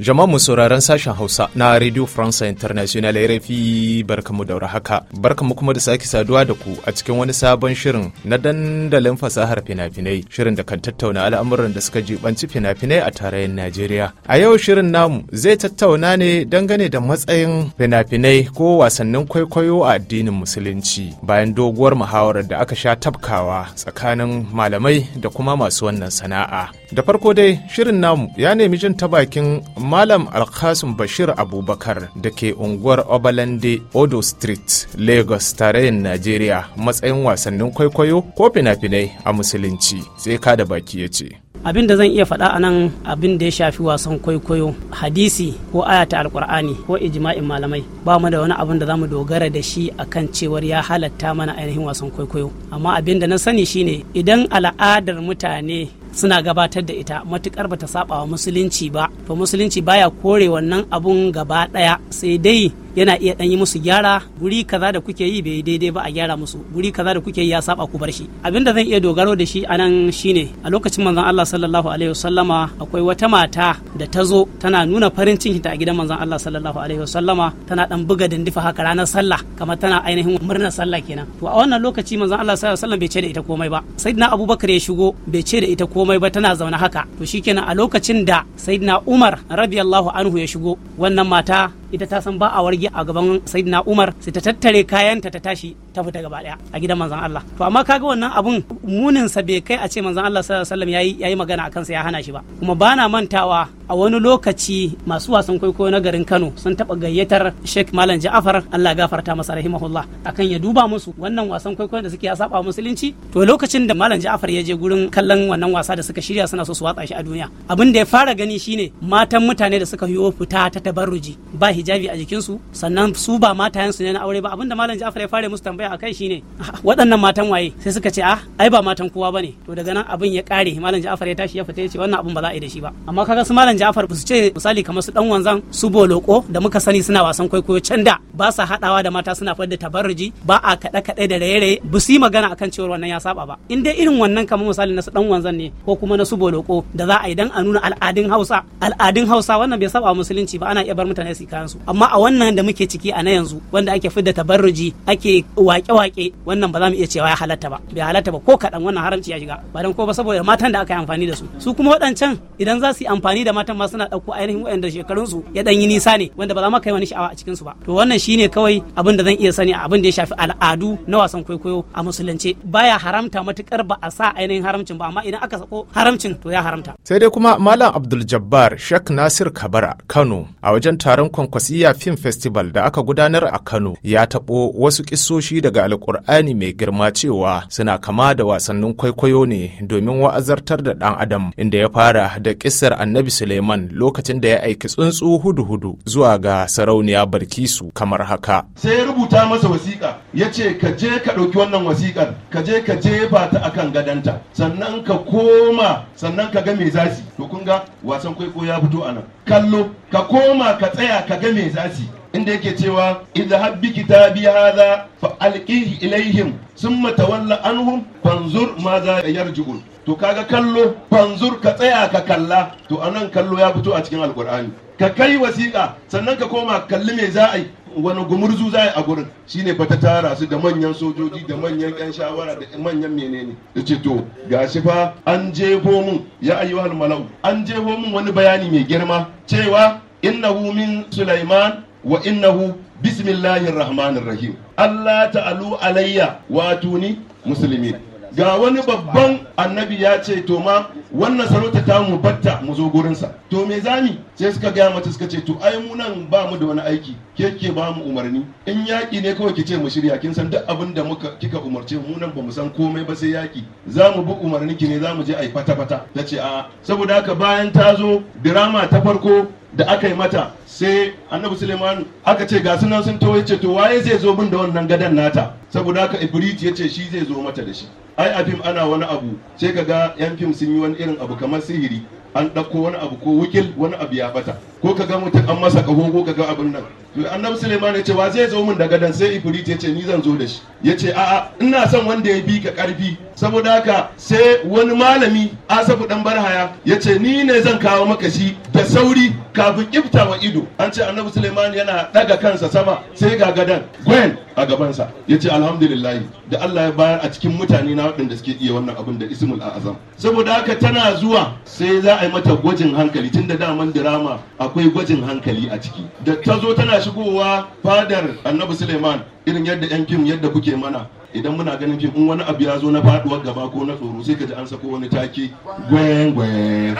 Jama'a sauraron sashen Hausa na Radio France International RFI barkamu da haka. Barkamu kuma da sake saduwa da ku a cikin wani sabon shirin na dandalin fasahar fina-finai, shirin da kan tattauna al'amuran da suka jibanci fina-finai a tarayyar Najeriya. A yau shirin namu zai tattauna ne dangane da matsayin fina-finai ko wasannin kwaikwayo a addinin musulunci bayan doguwar muhawarar da aka sha tafkawa tsakanin malamai da kuma masu wannan sana'a. Da farko dai shirin namu ya nemi jin ta bakin Malam Alkasim Bashir Abubakar da ke unguwar Obalande Odo Street, Lagos, tarayyar Najeriya matsayin wasannin kwaikwayo ko fina-finai a musulunci sai ka da baki ya ce. abin da zan iya faɗa a nan abin da ya shafi wasan kwaikwayo hadisi ko ayata alkur'ani ko ijma'in malamai ba mu da wani abin da zamu dogara da shi akan cewar ya halatta mana ainihin wasan kwaikwayo amma abin da na sani shine idan al'adar mutane suna gabatar da ita matukar bata saba wa musulunci ba to musulunci baya kore wannan abun gaba daya sai dai yana iya dan yi musu gyara guri kaza da kuke yi bai daidai ba a gyara musu guri kaza da kuke yi ya saba ku bar shi abinda zan iya dogaro da shi anan shine a lokacin manzon Allah sallallahu alaihi wasallama akwai wata mata da ta zo tana nuna farin cikin ta a gidan manzon Allah sallallahu alaihi wasallama tana dan buga dindifa haka ranar sallah kamar tana ainihin murnar sallah kenan to a wannan lokaci manzon Allah sallallahu alaihi wasallam bai ce da ita komai ba sayyidina Abubakar ya shigo bai ce da ita komai ba tana zaune haka to shikenan a lokacin da sayyidina Umar radiyallahu anhu ya shigo wannan mata ita ta san ba a warge a gaban sayyidina Umar sai ta tattare kayanta ta tashi ta fita gaba daya a gidan manzon Allah to amma kaga wannan abun munin sa bai kai a ce manzon Allah sallallahu alaihi wasallam yayi yayi magana akan sa ya hana shi ba kuma bana mantawa a wani lokaci masu wasan kwaikwayo na garin Kano sun taba gayyatar Sheikh Malam Ja'far Allah gafarta masa rahimahullah akan ya duba musu wannan wasan kwaikwayon da suke ya saba musulunci to lokacin da Malam Ja'far ya je gurin kallon wannan wasa da suka shirya suna so su watsa shi a duniya abin da ya fara gani shine matan mutane da suka yiwo fita ta tabarruji ba hijabi a jikinsu sannan su ba su ne na aure ba abinda malam Ja'far ya fara musu tambaya akai shine waɗannan matan waye sai suka ce a ah, ai ba matan kowa bane to daga nan abin ya kare malam Ja'far ya tashi ya fita ya ce wannan abin ba za a yi da shi ba amma kaga su malam Ja'far ba su ce misali kamar su dan wanzan su boloko da muka sani suna wasan kwaikwayo can da ba sa hadawa da mata suna fadda tabarruji ba a kaɗe kaɗe da raye-raye ba su yi magana akan cewar wannan ya saba ba in dai irin wannan kamar misali na su dan wanzan ne ko kuma na su boloko da za a yi dan a nuna al'adun Hausa al'adun Hausa wannan bai saba musulunci ba ana iya bar mutane su kayan su amma a wannan da muke ciki a na yanzu wanda ake fidda tabarruji ake wake-wake wannan ba za mu iya cewa ya halatta ba bai halatta ba ko kaɗan wannan haramci ya shiga ba ko ba saboda matan da aka yi amfani da su su kuma waɗancan idan za su yi amfani da matan ma suna ɗauko ainihin waɗanda shekarun su ya ɗan yi nisa ne wanda ba za ma kai wani sha'awa a cikin su ba to wannan shine kawai abin da zan iya sani a abin da ya shafi al'adu na wasan kwaikwayo a musulunce baya haramta matukar ba a sa ainihin haramcin ba amma idan aka sako haramcin to ya haramta sai dai kuma malam abdul jabbar shek nasir kabara kano a wajen taron kwankwas Wasiya Film Festival da aka gudanar a Kano ya taɓo wasu ƙisoshi daga alkur'ani mai girma cewa suna kama da wasannin kwaikwayo ne domin wa'azartar da ɗan adam inda ya fara da ƙisar Annabi Suleiman lokacin da ya aiki tsuntsu hudu-hudu zuwa ga sarauniya Barkisu kamar haka. Sai ya rubuta masa wasiƙa ya ce ka je ka ɗauki wannan wasiƙar ka je ka jefa ta akan gadanta sannan ka koma sannan ka ga me zasi to kun ga wasan kwaikwayo ya fito a nan kallo ka koma ka tsaya ka ga ta me za su inda yake cewa idza habbi kitabi hadha fa alqihi ilaihim thumma tawalla anhum fanzur ma za yarji'un to kaga kallo fanzur ka tsaya ka kalla to anan kallo ya fito a cikin alqur'ani ka kai wasiƙa sannan ka koma kalli me za a yi wani gumurzu za a gurin shine fa ta tara su da manyan sojoji da manyan yan shawara da manyan menene Ya ce to gashi fa an jefo mun ya ayyuhal malau an jefo mun wani bayani mai girma cewa innahu min Sulaiman wa innahu bismillahir rahmanir rahim Allah ta'alu alayya wa tuni muslimin ga wani babban annabi ya ce to ma wannan sarauta ta mu batta mu zo gurinsa to me zani sai suka gaya mata suka ce to ai mu nan ba mu da wani aiki ke ke ba mu umarni in yaki ne kawai ki ce mu shirya kin san duk abin da muka kika umarce mu nan ba mu san komai ba sai yaki. za mu bi umarni ki ne za mu je ai fata fata ta ce a saboda haka bayan ta zo dirama ta farko da aka yi mata sai annabi suleiman aka ce ga sunan sun tawo yace to waye zai zo min da wannan gadan nata saboda haka ibrit ce shi zai zo mata da shi ai a fim ana wani abu sai ka ga yan fim sun yi wani irin abu kamar sihiri an ɗauko wani abu ko wukil wani abu ya bata ko ka ga mutum an masa kaho ko ka ga abin nan to annabi suleiman ya ce wa zai zo min da gadan sai ibrit ya ce ni zan zo da shi ya ce a'a ina son wanda ya bi ka karfi saboda haka sai wani malami asabu dan barhaya ya ce ni ne zan kawo maka shi da sauri kafin ifta wa ido an ce annabi suleiman yana daga kansa sama sai ga gadan gwen a gabansa ya ce alhamdulillah da allah ya bayar a cikin mutane na waɗanda suke iya wannan abin da ismul azam saboda haka tana zuwa sai za a yi mata gwajin hankali tunda daman dirama a akwai gwajin hankali a ciki da ta zo tana shigowa fadar annabi suleiman irin yadda yan fim yadda kuke mana idan muna ganin fim in wani abu ya zo na faduwar gaba ko na tsoro sai ka ji an sako wani take gwen gwen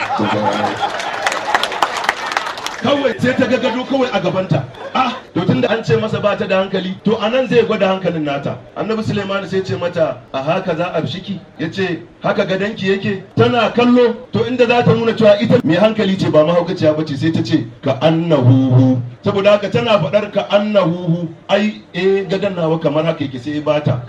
kawai sai ta ga gado kawai a gabanta ah to tunda an ce masa ba ta da hankali to anan zai gwada hankalin nata annabi Sulaiman sai ce mata a haka za a shiki yace haka gadanki yake tana kallo to inda za ta nuna cewa ita mai hankali ce ba mahaukaciya bace sai ta ce ka annahuhu saboda haka tana faɗar ka annahuhu ai eh gadan nawa kamar haka yake sai ba ta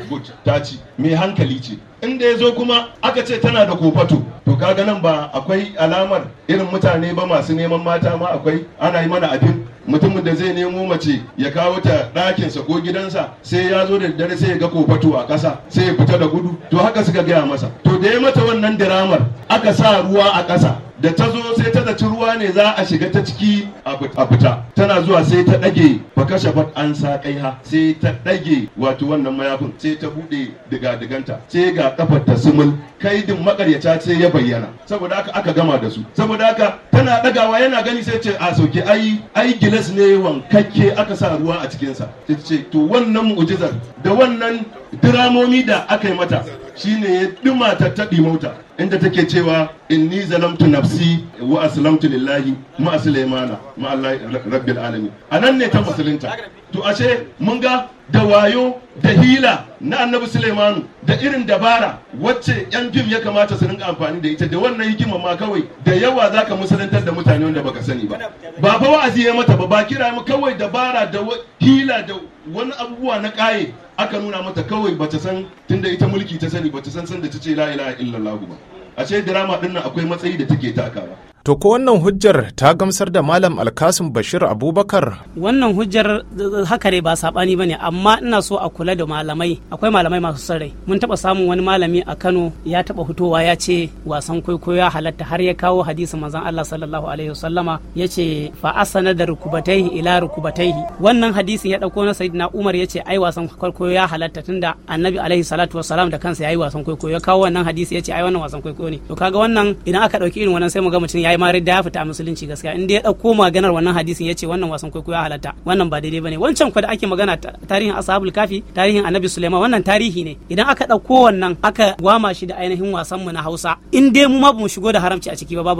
ta ci mai hankali ce inda ya zo kuma aka ce tana da kofato to kaga nan ba akwai alamar irin mutane ba masu neman mata ma akwai ana yi mana abin mutumin da zai nemo mace ya kawo ta ɗakinsa ko gidansa sai ya zo da dare sai ya ga kofatu a ƙasa sai ya fita da gudu to haka suka gaya masa to da ya mata wannan diramar aka sa ruwa a ƙasa da ta zo sai ta zaci ruwa ne za a shiga ta ciki a fita tana zuwa sai ta ɗage kashe ba an sa kai ha sai ta ɗage wato wannan mayafin sai ta buɗe diga-diganta sai ga kafar ta sumul kaidin makaryaca sai ya bayyana saboda haka aka gama da su saboda haka tana ɗagawa yana gani sai ce a sauke ai ai gile gilas ne wankakke aka sa ruwa a cikinsa ta to wannan mu'ujizar da wannan diramomi da aka yi mata shine ya duma ta taɗi mota inda take cewa inni zalamtu nafsi wa aslamtu lillahi ma sulaimana ma Allah rabbil alamin anan ne ta musulunta to ashe mun ga da wayo da hila na annabi Suleimanu da irin dabara wacce yan fim ya kamata su rinka amfani da ita da wannan hikima ma kawai da yawa zaka musulantar da mutane wanda baka sani ba ba fa wa'azi ya mata ba ba kira mu kawai dabara da hila da wani abubuwa na kaye aka nuna mata kawai bata san tunda ita mulki ta sani bata san san da ta ce la ilaha illallah ba ashe drama dinnan akwai matsayi da take takawa To ko wannan hujjar ta gamsar da Malam Alkasim Bashir Abubakar? Wannan hujjar haka ne ba saɓani ba ne amma ina so a kula da malamai akwai malamai masu sarai. Mun taɓa samun wani malami a Kano ya taɓa hutowa ya ce wasan kwaikwayo ya halatta har ya kawo hadisi manzon Allah sallallahu alaihi wasallama ya ce fa asana da rukubataihi ila rukubataihi. Wannan hadisin ya ɗauko na Sayyidina Umar ya ce ai wasan kwaikwayo ya halatta tunda Annabi alaihi salatu salam da kansa ya yi wasan kwaikwayo ya kawo wannan hadisi ya ce ai wannan wasan kwaikwayo ne. To kaga wannan idan aka ɗauki irin wannan sai mu ga mutum ya yayi ma ridda ya fita musulunci gaskiya in dai ya dauko maganar wannan hadisin yace wannan wasan kwaikwayo ya halatta wannan ba daidai bane wancan kwa da ake magana tarihin ashabul kafi tarihin annabi sulaiman wannan tarihi ne idan aka dauko wannan aka gwama shi da ainihin wasan mu na Hausa in dai mu ma bamu shigo da haramci a ciki ba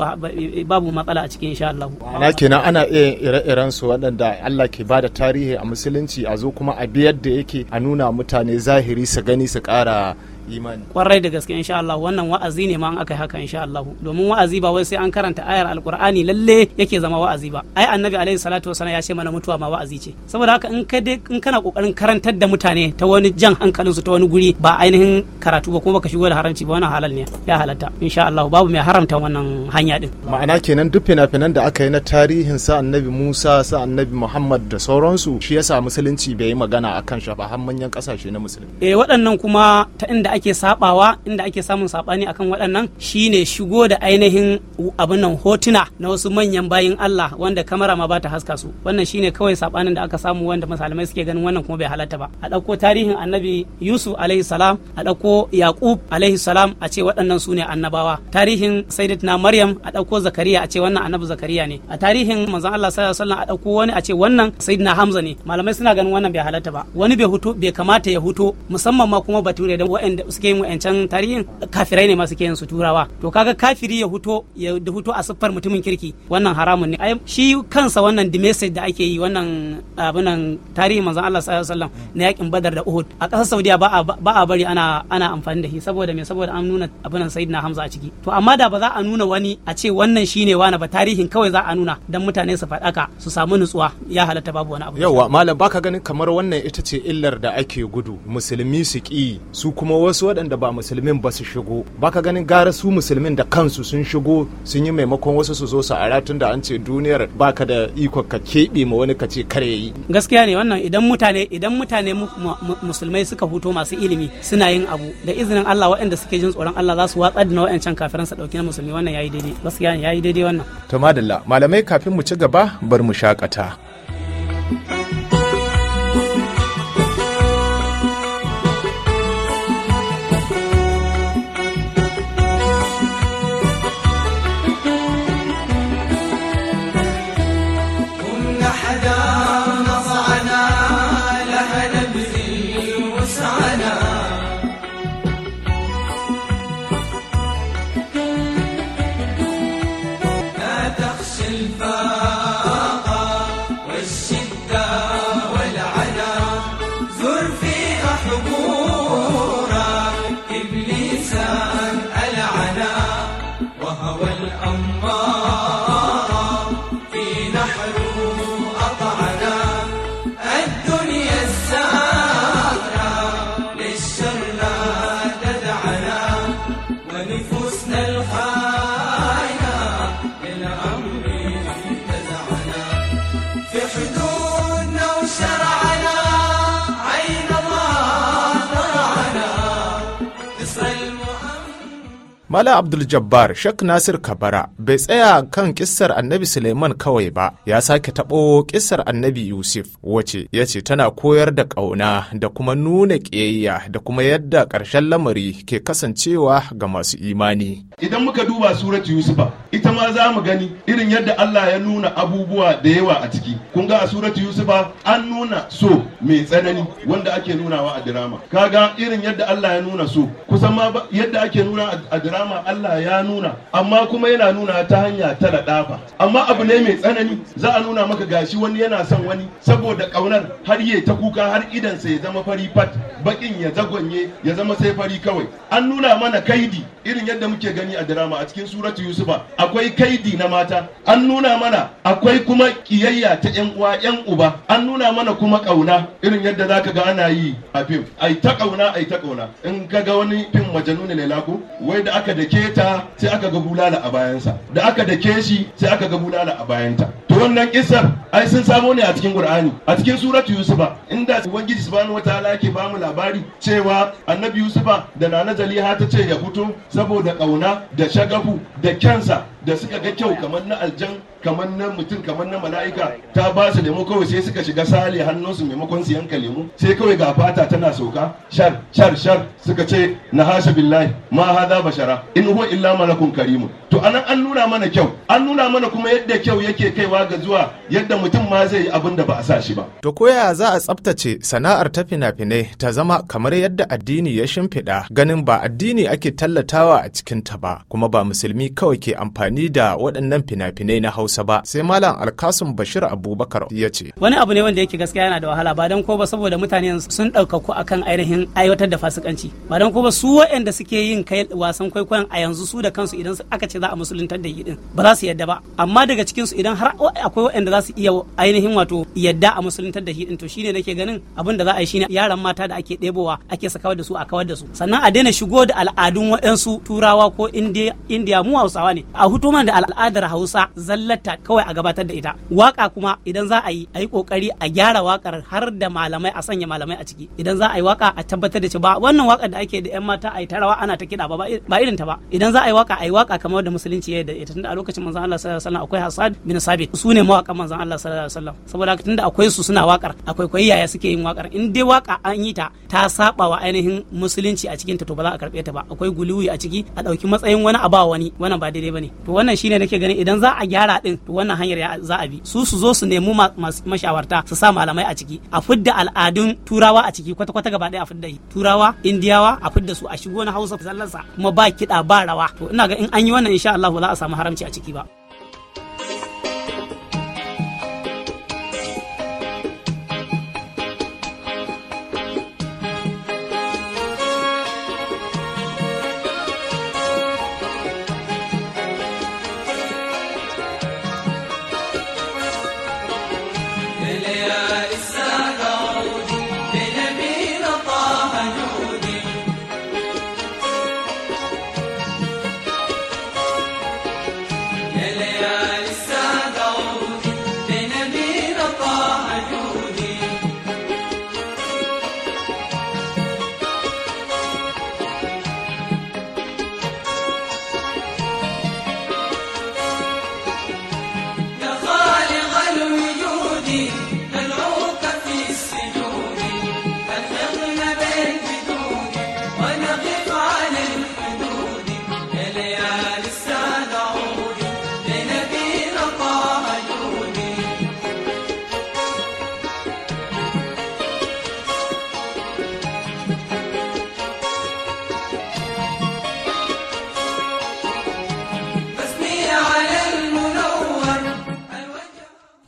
babu matsala a ciki insha Allah ana kenan ana iya ire-iren su waɗanda Allah ke bada tarihi a musulunci a zo kuma a biyar da yake a nuna mutane zahiri su gani su ƙara imani kwarai da gaske insha Allah wannan wa'azi ne ma an aka haka insha Allah domin wa'azi ba wai sai an karanta ayar alqur'ani lalle yake zama wa'azi ba ai annabi alaihi salatu wasallam ya ce mana mutuwa ma wa'azi ce saboda haka in ka in kana kokarin karantar da mutane ta wani jan hankalin su ta wani guri ba ainihin karatu ba kuma baka shigo da haramci ba wannan halal ne ya halatta insha Allah babu mai haramta wannan hanya din ma'ana kenan duk fina-finan da aka yi na tarihin sa annabi Musa sa annabi Muhammad da sauransu shi yasa musulunci bai yi magana akan shi ba har manyan kasashe na musulmi eh waɗannan kuma ta inda inda ake sabawa inda ake samun sabani akan waɗannan shine shigo da ainihin abin nan hotuna na wasu manyan bayin Allah wanda kamera ma ba ta haska su wannan shine kawai sabanin da aka samu wanda masalamai suke ganin wannan kuma bai halatta ba a ɗauko tarihin annabi Yusuf alaihi salam a ɗauko Yaqub alaihi salam a ce waɗannan su ne annabawa tarihin Sayyidatina Maryam a ɗauko Zakariya a ce wannan annabi Zakariya ne a tarihin manzon Allah sallallahu alaihi wasallam a ɗauko wani a ce wannan Sayyidina Hamza ne malamai suna ganin wannan bai halatta ba wani bai huto bai kamata ya huto musamman ma kuma bature da waɗanda suke yin wa'ancan tarihin kafirai ne masu yin su turawa to kaga kafiri ya huto ya da huto a siffar mutumin kirki wannan haramun ne ai shi kansa wannan the message da ake yi wannan abunan tarihin manzon Allah sallallahu alaihi wasallam na yakin Badar da Uhud a kasar Saudiya ba ba a bari ana ana amfani da shi saboda me saboda an nuna abunan Sayyidina Hamza a ciki to amma da ba za a nuna wani a ce wannan shine wani ba tarihin kawai za a nuna dan mutane su fadaka su samu nutsuwa ya halatta babu wani abu yawa malam baka ganin kamar wannan ita ce illar da ake gudu musulmi su ki su kuma wasu waɗanda ba musulmin ba su shigo ba ka ganin gara su musulmin da kansu sun shigo sun yi maimakon wasu su zo su ara tun da an ce duniyar ba ka da ikon ka keɓe ma wani ka ce kare yi gaskiya ne wannan idan mutane idan mutane musulmai suka huto masu ilimi suna yin abu da izinin Allah waɗanda suke jin tsoron Allah za su watsar da waɗancan kafiran su ɗauki na musulmi wannan yayi daidai gaskiya ne yayi daidai wannan to madalla malamai kafin mu ci gaba bar mu shakata 何故？Mala Abdul Jabbar Shak Nasir Kabara bai tsaya kan kissar Annabi Suleiman kawai ba, ya sake taɓo kissar Annabi Yusuf wace ya ce tana koyar da ƙauna da kuma nuna ƙiyayya da kuma yadda ƙarshen lamari ke kasancewa ga masu imani. Idan muka duba surat Yusufa, ita ma za mu gani irin yadda Allah ya nuna abubuwa da yawa a ciki. Kun ga a surat Yusufa an nuna so mai tsanani wanda ake nunawa a dirama. Kaga irin yadda Allah ya nuna so, kusan ma yadda ake nuna a dirama alama Allah ya nuna amma kuma yana nuna ta hanya ta laɗafa amma abu ne mai tsanani za a nuna maka gashi wani yana son wani saboda ƙaunar har yai ta kuka har idansa ya zama fari fat bakin ya zagonye ya zama sai fari kawai an nuna mana kaidi irin yadda muke gani a drama a cikin suratu yusufa akwai kaidi na mata an nuna mana akwai kuma kiyayya ta yan uwa yan uba an nuna mana kuma ƙauna irin yadda zaka ga ana yi a fim ai ta ƙauna ai ta ƙauna in kaga wani fim majanuni ne lako wai da aka aka dake ta sai aka ga bulala a bayansa da aka dake shi sai aka ga bulala a bayanta to wannan kisar ai sun samo ne a cikin qur'ani a cikin suratu yusufa inda ubangiji subhanahu wataala yake ba mu labari cewa annabi yusufa da nana zaliha ta ce ya fito saboda kauna da shagafu da kyansa da suka ga kyau kamar na aljan kamar na mutum kamar na mala'ika ta ba su lemu kawai sai suka shiga sale hannunsu maimakon su yanka lemu sai kawai ga fata tana sauka shar shar shar suka ce na hasha billahi ma hada bashara in huwa illa malakun karimu to anan an nuna mana kyau an nuna mana kuma yadda kyau yake kaiwa ga zuwa yadda mutum ma zai yi abin da ba a sa shi ba. To koya za a tsaftace sana'ar ta fina-finai ta zama kamar yadda addini ya shimfiɗa ganin ba addini ake tallatawa a cikin ta ba kuma ba musulmi kawai ke amfani da waɗannan fina-finai na Hausa ba sai Malam Alkasum Bashir Abubakar ya ce. Wani abu ne wanda yake gaskiya yana da wahala ba don ko ba saboda mutane sun ɗauka ku akan ainihin aiwatar da fasikanci ba don ko ba su waɗanda suke yin kai wasan kwaikwayon a yanzu su da kansu idan aka ce za a musuluntar da yi din ba za su yadda ba amma daga cikinsu su idan har akwai waɗanda za su iya ainihin wato yadda a musuluntar da shi din to shine nake ganin abin da za a yi shine yaran mata da ake ɗebowa ake sakawa da su a kawar da su sannan a daina shigo da al'adun waɗansu turawa ko indiya mu hausawa ne a hutu man da al'adar hausa zallata kawai a gabatar da ita waka kuma idan za a yi a yi kokari a gyara wakar har da malamai a sanya malamai a ciki idan za a yi waka a tabbatar da cewa wannan wakar da ake da yan mata a yi tarawa ana ta kiɗa ba irin ta ba idan za a yi waka a yi waka kamar da musulunci ya da ita tunda a lokacin Allah sallallahu alaihi wasallam akwai hasad bin Sabit su ne mawaƙan manzan Allah sallallahu alaihi wasallam saboda tunda akwai su suna waƙar akwai kwayi yaya suke yin waƙar in dai waƙa an yi ta ta saba wa ainihin musulunci a cikin ta to ba za a karɓe ta ba akwai guluwi a ciki a ɗauki matsayin wani a ba wani wannan ba daidai bane to wannan shine nake ganin idan za a gyara din to wannan hanyar za a bi su su zo su nemi mashawarta su sa malamai a ciki a fidda al'adun turawa a ciki kwata kwata gaba ɗaya a fidda turawa indiyawa a fidda su a shigo na hausa sallarsa kuma ba kiɗa ba rawa to ina ga in an yi wannan insha Allah ba za a samu haramci a ciki ba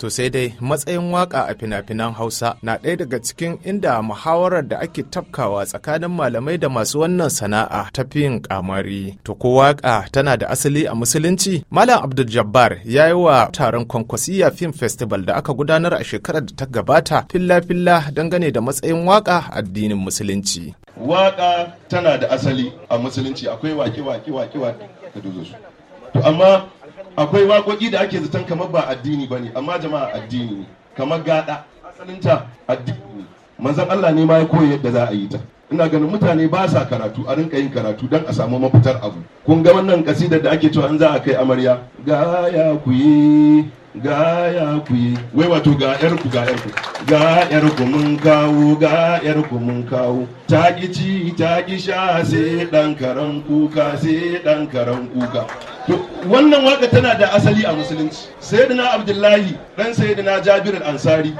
To sai dai matsayin waka a fina-finan Hausa na ɗaya daga cikin inda muhawarar da ake tafkawa tsakanin malamai da masu wannan sana'a ta fiyin kamari. To ko waka tana da asali a musulunci? Malam Abdul Jabbar ya yi wa taron Kwankwasiya Film Festival da aka gudanar a shekarar da ta gabata filla-filla dangane da matsayin waka addinin musulunci. Waka tana da asali a musulunci akwai wake-wake wake-wake da To amma akwai waƙoƙi da ake zaton kamar ba addini ba ne amma jama'a addini ne kamar gada asalinta addini manzon Allah ne ma ya koyi yadda za a yi ta ina ganin mutane ba sa karatu a rinka yin karatu don a samu mafitar abu kun ga wannan kasidar da ake cewa an za a kai amarya ya ku yi gaya ku yi wai wato ga yar ku ga yar ku ga yar ku mun kawo ga yar ku mun kawo ta ci ta sha sai dan karan kuka sai dan karan kuka wannan waka tana da asali a musulunci sayyidina abdullahi dan sayyidina jabir al-ansari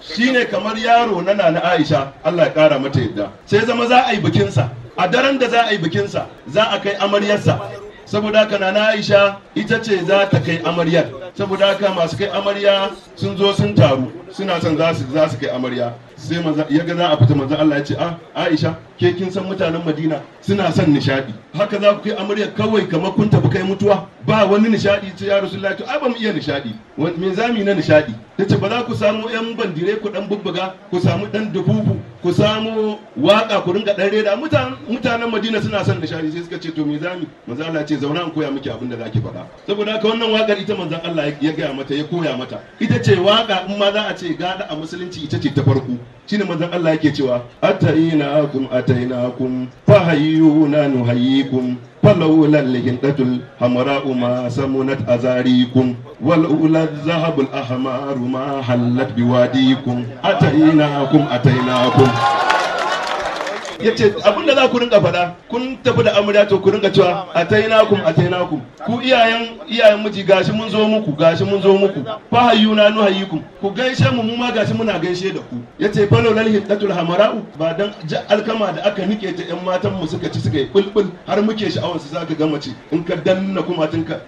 shine kamar yaro na nana aisha Allah ya kara mata yadda sai zama za a yi bikinsa a daren da za a yi bikinsa za a kai amaryarsa saboda haka nana aisha ita ce za ta kai amaryar saboda haka masu kai amarya sun zo sun taru suna son za su kai amarya sai maza ya ga za a fita manzo Allah ya ce ah Aisha ke kin san mutanen Madina suna son nishadi haka za ku kai amarya kawai kamar kun tafi kai mutuwa ba wani nishadi ce ya Rasulullahi to ai ba iya nishadi me zami na nishadi tace ba za ku samu yan bandire ku dan bubbuga ku samu dan dububu ku samu waka ku ringa dan reda mutanen Madina suna son nishadi sai suka ce to me zami manzo Allah ce zauna an koya miki abin da zaki faɗa saboda haka wannan wakar ita manzo Allah ya gaya mata ya koya mata ita ce waka in ma za a ce gada a musulunci ita ce ta farko ne manzon Allah yake cewa atayina akum atayina akum fa hayyuna nuhayyikum falawla lihintatul hamara ma samunat azarikum walula zahabul ahmaru ma hallat biwadikum atayina akum atayina akum yace ce abin da za ku rinka faɗa kun tafi da amarya to ku rinka cewa a ku a tainakum ku iyayen iyayen miji gashi mun zo muku gashi mun zo muku fa hayyuna nu hayyikum ku gaishe mu mu ma gashi muna gaishe da ku yace ce falo lal hiddatul hamara'u ba dan alkama da aka nike ta yan matan mu suka ci suka yi bulbul har muke sha'awar su zaka ga mace in ka danna kumatinka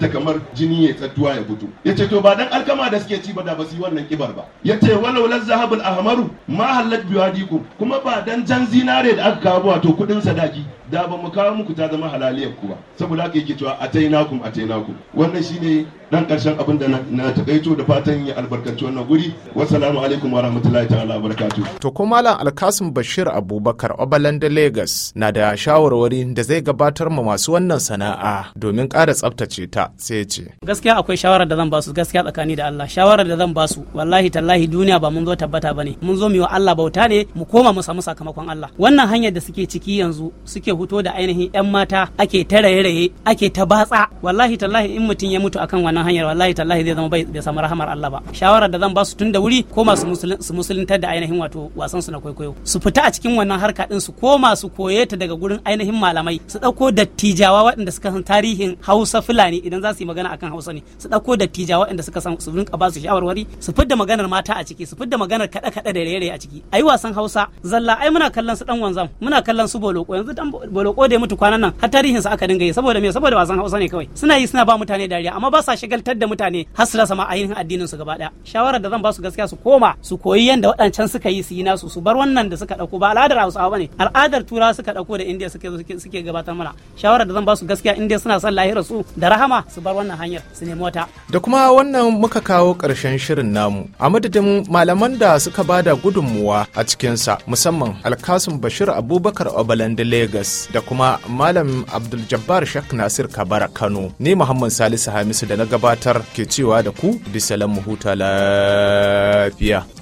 ta kamar jini ya tsattuwa ya gudu ya to ba dan alkama da suke ci ba da ba su yi wannan kibar ba yace ce zahabul ahmaru ma halat biwadikum kuma ba dan jan zina dinare da aka kawo wato kudin sadaki da ba mu kawo muku ta zama halaliyar ku ba saboda haka yake cewa atainakum ku. wannan shine dan karshen abin da na takaito da fatan ya albarkaci wannan guri wassalamu alaikum wa rahmatullahi ta'ala barakatuh to ko malam alkasim bashir abubakar obalanda lagos na da shawarwari da zai gabatar ma masu wannan sana'a domin ƙara tsaftace ta sai ce gaskiya akwai shawarar da zan basu gaskiya tsakani da Allah shawarar da zan basu wallahi tallahi duniya ba mun zo tabbata bane mun zo mu yi wa Allah bauta ne mu koma mu samu sakamakon Allah wannan hanyar da suke ciki yanzu suke huto da ainihin 'yan mata ake ta raye-raye ake ta batsa wallahi tallahi in mutum ya mutu akan wannan hanyar wallahi tallahi zai zama bai samu rahamar Allah ba shawarar da zan ba su tun da wuri ko masu su musuluntar da ainihin wato wasan su na kwaikwayo su fita a cikin wannan harka din su ko masu koye ta daga gurin ainihin malamai su dauko dattijawa waɗanda suka san tarihin Hausa Fulani idan za su yi magana akan Hausa ne su dauko dattijawa waɗanda suka san su rinka ba su shawarwari su fidda maganar mata a ciki su fidda maganar kada-kada da raye-raye a ciki ayi wasan Hausa zalla ai muna kallon su dan wanzam muna kallon su boloko yanzu dan boloko da mutu kwanan nan har tarihin sa aka dinga yi saboda me saboda wasan Hausa ne kawai suna yi suna ba mutane dariya amma ba sa shigaltar da mutane har su rasa ma ainihin addinin su gaba daya shawara da zan ba su gaskiya su koma su koyi yanda wadancan suka yi su yi nasu su bar wannan da suka dauko ba al'adar hausa ne al'adar tura suka dauko da indiya suke suke gabatar mana shawara da zan ba su gaskiya India suna son lahirar su da rahama su bar wannan hanyar su nemi wata da kuma wannan muka kawo karshen shirin namu a madadin malaman da suka bada gudunmuwa a cikin sa musamman alkasun Bashir Abubakar Obalande Lagos da kuma Malam Abdul Jabbar Shak Nasir Kabara Kano. Ni Muhammad Salisu Hamisu da na gabatar ke cewa da ku bisa lamu huta lafiya.